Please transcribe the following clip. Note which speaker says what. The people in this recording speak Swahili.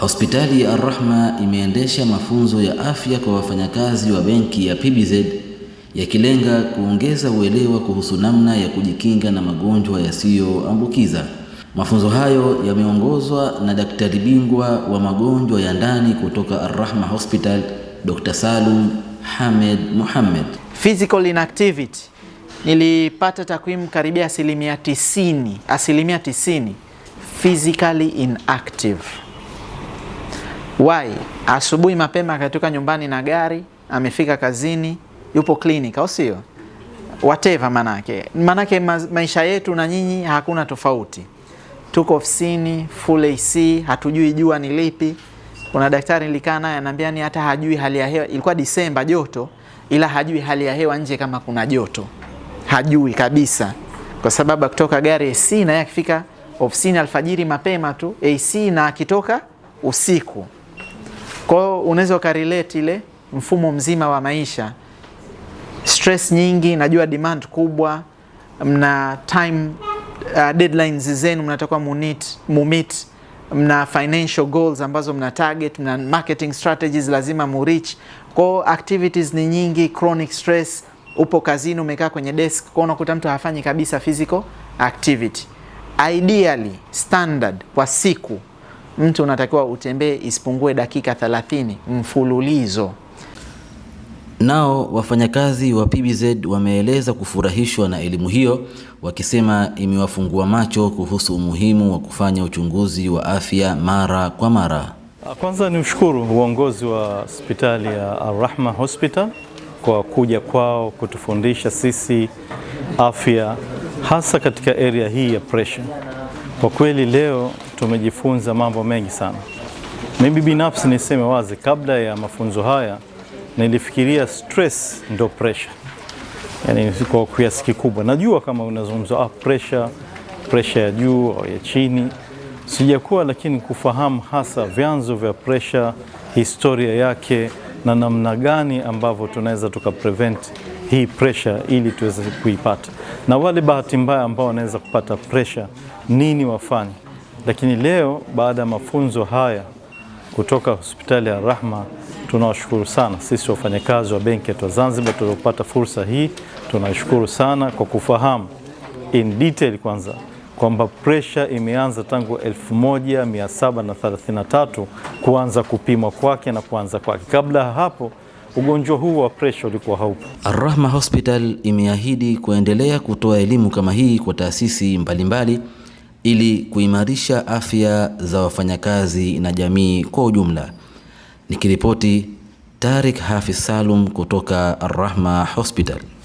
Speaker 1: Hospitali ya arrahma rahma imeendesha mafunzo ya afya kwa wafanyakazi wa benki ya PBZ yakilenga kuongeza uelewa kuhusu namna ya kujikinga na magonjwa yasiyoambukiza. Mafunzo hayo yameongozwa na daktari bingwa wa magonjwa ya ndani kutoka arrahma rahma Hospital, Dr. Salum Hamed Mohamed.
Speaker 2: Physical inactivity nilipata takwimu karibia asilimia tisini, asilimia tisini physically inactive. Why? Asubuhi mapema akatoka nyumbani na gari, amefika kazini, yupo klinika, au sio? Whatever manake. Manake maisha yetu na nyinyi hakuna tofauti. Tuko ofisini full AC, hatujui jua ni lipi. Kuna daktari nilikaa naye ananiambia ni hata hajui hali ya hewa. Ilikuwa Disemba joto, ila hajui hali ya hewa nje kama kuna joto. Hajui kabisa. Kwa sababu kutoka gari AC na yeye akifika ofisini alfajiri mapema tu, AC na akitoka usiku. Kwa hiyo unaweza ukarelate ile mfumo mzima wa maisha, stress nyingi, najua demand kubwa, mna time uh, deadlines zenu mnatakiwa mumit, mna financial goals ambazo mna target, mna marketing strategies lazima mureach. Kwa hiyo activities ni nyingi, chronic stress, upo kazini umekaa kwenye desk, kwa unakuta mtu hafanyi kabisa physical activity. Ideally standard kwa siku mtu unatakiwa utembee isipungue dakika 30 mfululizo.
Speaker 1: Nao wafanyakazi wa PBZ wameeleza kufurahishwa na elimu hiyo, wakisema imewafungua macho kuhusu umuhimu wa kufanya uchunguzi wa afya mara kwa mara.
Speaker 3: Kwanza ni mshukuru uongozi wa hospitali ya Arrahma Hospital kwa kuja kwao kutufundisha sisi afya hasa katika area hii ya pressure. Kwa kweli leo tumejifunza mambo mengi sana. Mimi binafsi niseme wazi, kabla ya mafunzo haya nilifikiria stress ndo pressure, yani kwa kiasi kikubwa. Najua kama unazungumza ah, pressure pressure ya juu au ya chini sijakuwa, lakini kufahamu hasa vyanzo vya pressure, historia yake na namna gani ambavyo tunaweza tukaprevent hii pressure ili tuweze kuipata, na wale bahati mbaya ambao wanaweza kupata pressure nini wafanye. Lakini leo baada ya mafunzo haya kutoka hospitali ya Rahma, tunawashukuru sana sisi wafanyakazi wa benki yetu ya Zanzibar tuliopata fursa hii. Tunashukuru sana kwa kufahamu in detail kwanza kwamba presha imeanza tangu 1733 kuanza kupimwa kwake na kuanza kwake. Kabla ya hapo ugonjwa huu wa presha ulikuwa haupo.
Speaker 1: rahma Hospital imeahidi kuendelea kutoa elimu kama hii kwa taasisi mbalimbali mbali ili kuimarisha afya za wafanyakazi na jamii kwa ujumla. Nikiripoti Tariq Hafiz Salum kutoka rahma Hospital.